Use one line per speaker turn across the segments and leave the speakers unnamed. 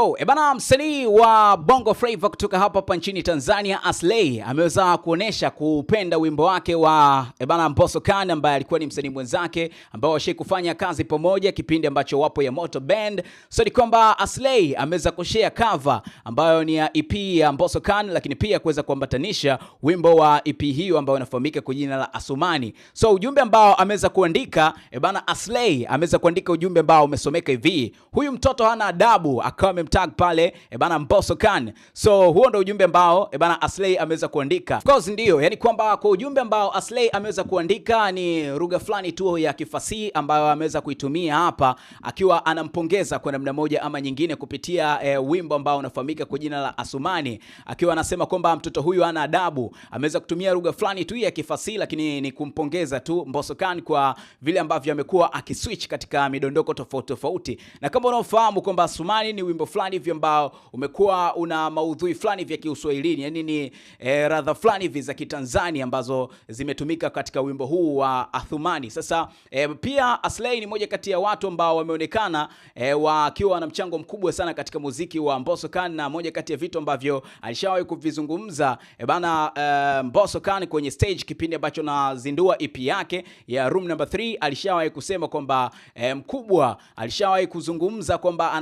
Oh, ebana eh msanii wa Bongo Flava kutoka hapa hapa nchini Tanzania Aslay ameweza kuonesha kupenda wimbo wake wa ebana eh Mbosso Khan ambaye alikuwa ni msanii mwenzake ambao washai kufanya kazi pamoja kipindi ambacho wapo ya Moto Band. So ni kwamba Aslay ameweza kushare cover ambayo ni ya EP ya Mbosso Khan, lakini pia kuweza kuambatanisha wimbo wa EP hiyo ambayo inafahamika kwa jina la Asumani. So ujumbe ambao ameweza kuandika ebana, eh Aslay ameweza kuandika ujumbe ambao umesomeka hivi: huyu mtoto hana adabu akawa amemtag pale e bana Mbosso Khan. So huo ndo ujumbe ambao e bana Aslay ameweza kuandika. Of course ndio, yani kwamba kwa ujumbe ambao Aslay ameweza kuandika ni lugha fulani tu ya kifasihi ambayo ameweza kuitumia hapa akiwa anampongeza kwa namna moja ama nyingine kupitia e, wimbo ambao unafahamika kwa jina la Asumani akiwa anasema kwamba mtoto huyu ana adabu, ameweza kutumia lugha fulani tu ya kifasihi, lakini ni kumpongeza tu Mbosso Khan kwa vile ambavyo amekuwa akiswitch katika midondoko tofauti tofauti, na kama unaofahamu kwamba Asumani ni wimbo fulani hivi ambao umekuwa una maudhui fulani vya Kiuswahilini, yani ni e, radha fulani hivi za Kitanzania ambazo zimetumika katika wimbo huu wa Athumani. Sasa e, pia Aslay ni moja kati ya watu ambao wameonekana e, wakiwa na mchango mkubwa sana katika muziki wa Mbosso Khan, na moja kati ya vitu ambavyo alishawahi kuvizungumza e, bana e, Mbosso Khan kwenye stage kipindi ambacho nazindua EP yake ya Room Number 3 alishawahi kusema kwamba e, mkubwa alishawahi kuzungumza kwamba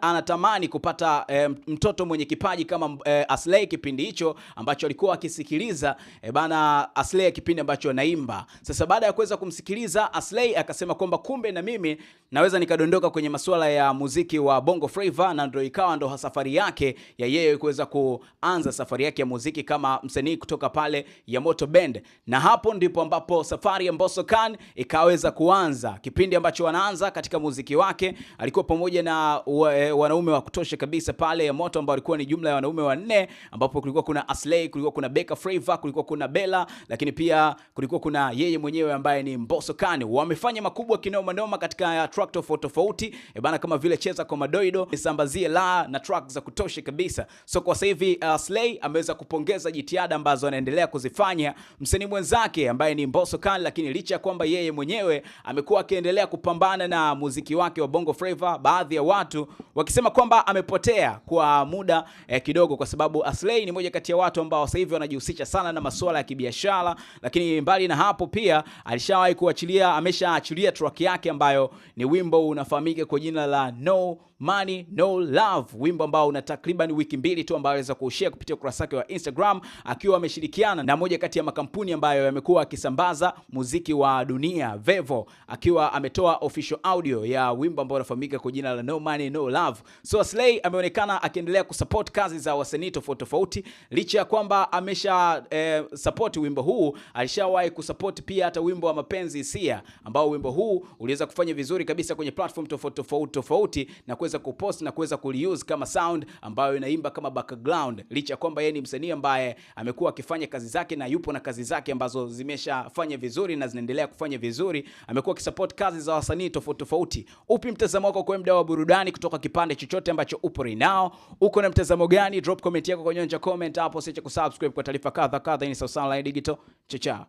anatamani zamani kupata e, mtoto mwenye kipaji kama e, Aslay kipindi hicho ambacho alikuwa akisikiliza e, bana Aslay kipindi ambacho anaimba. Sasa baada ya kuweza kumsikiliza Aslay akasema kwamba kumbe na mimi naweza nikadondoka kwenye masuala ya muziki wa Bongo Flava, na ndio ikawa ndo safari yake ya yeye kuweza kuanza safari yake ya muziki kama msanii kutoka pale ya Moto Band, na hapo ndipo ambapo safari ya Mbosso Khan ikaweza kuanza. Kipindi ambacho wanaanza katika muziki wake alikuwa pamoja na wanaume wa wa kutosha kabisa pale ya moto ambao walikuwa ni jumla ya wanaume wanne, ambapo kulikuwa kuna Aslay, kulikuwa kuna Beka Flava, kulikuwa kuna Bella, lakini pia kulikuwa kuna yeye mwenyewe ambaye ni Mbosso Khan. Wamefanya makubwa kinoma noma katika track tofauti tofauti, e bana, kama vile cheza kwa madoido, nisambazie la na track za kutosha kabisa. So kwa sasa hivi uh, Aslay ameweza kupongeza jitihada ambazo anaendelea kuzifanya msanii mwenzake ambaye ni Mbosso Khan, lakini licha ya kwamba yeye mwenyewe amekuwa akiendelea kupambana na muziki wake wa Bongo Flava, baadhi ya watu wakisema kwamba kwamba amepotea kwa muda eh, kidogo, kwa sababu Aslay ni moja kati ya watu ambao sasa hivi wanajihusisha sana na masuala ya kibiashara, lakini mbali na hapo pia alishawahi kuachilia, ameshaachilia track yake ambayo ni wimbo unafahamika kwa jina la No Money No Love, wimbo ambao una takriban wiki mbili tu ambao aliweza kuushare kupitia ukurasa wake wa Instagram akiwa ameshirikiana na moja kati ya makampuni ambayo yamekuwa akisambaza muziki wa dunia Vevo, akiwa ametoa official audio ya wimbo ambao unafahamika kwa jina la No Money No Love. So Bongo Slay ameonekana akiendelea kusupport kazi za wasanii tofauti tofauti, licha ya kwamba amesha eh, support wimbo huu, alishawahi kusupport pia hata wimbo wa mapenzi Sia, ambao wimbo huu uliweza kufanya vizuri kabisa kwenye platform tofauti tofauti tofauti na kuweza kupost na kuweza kuliuse kama sound ambayo inaimba kama background, licha ya kwamba yeye ni msanii ambaye amekuwa akifanya kazi zake na yupo na kazi zake ambazo zimeshafanya vizuri na zinaendelea kufanya vizuri. Amekuwa akisupport kazi za wasanii tofauti tofauti. Upi mtazamo wako kwa mda wa burudani kutoka kipande chochote ambacho upo now. uko na mtazamo gani? Drop comment yako kwenye nje comment hapo, usiache kusubscribe kwa taarifa kadha kadha. Hii ni Sawasawa Online Digital, chacha.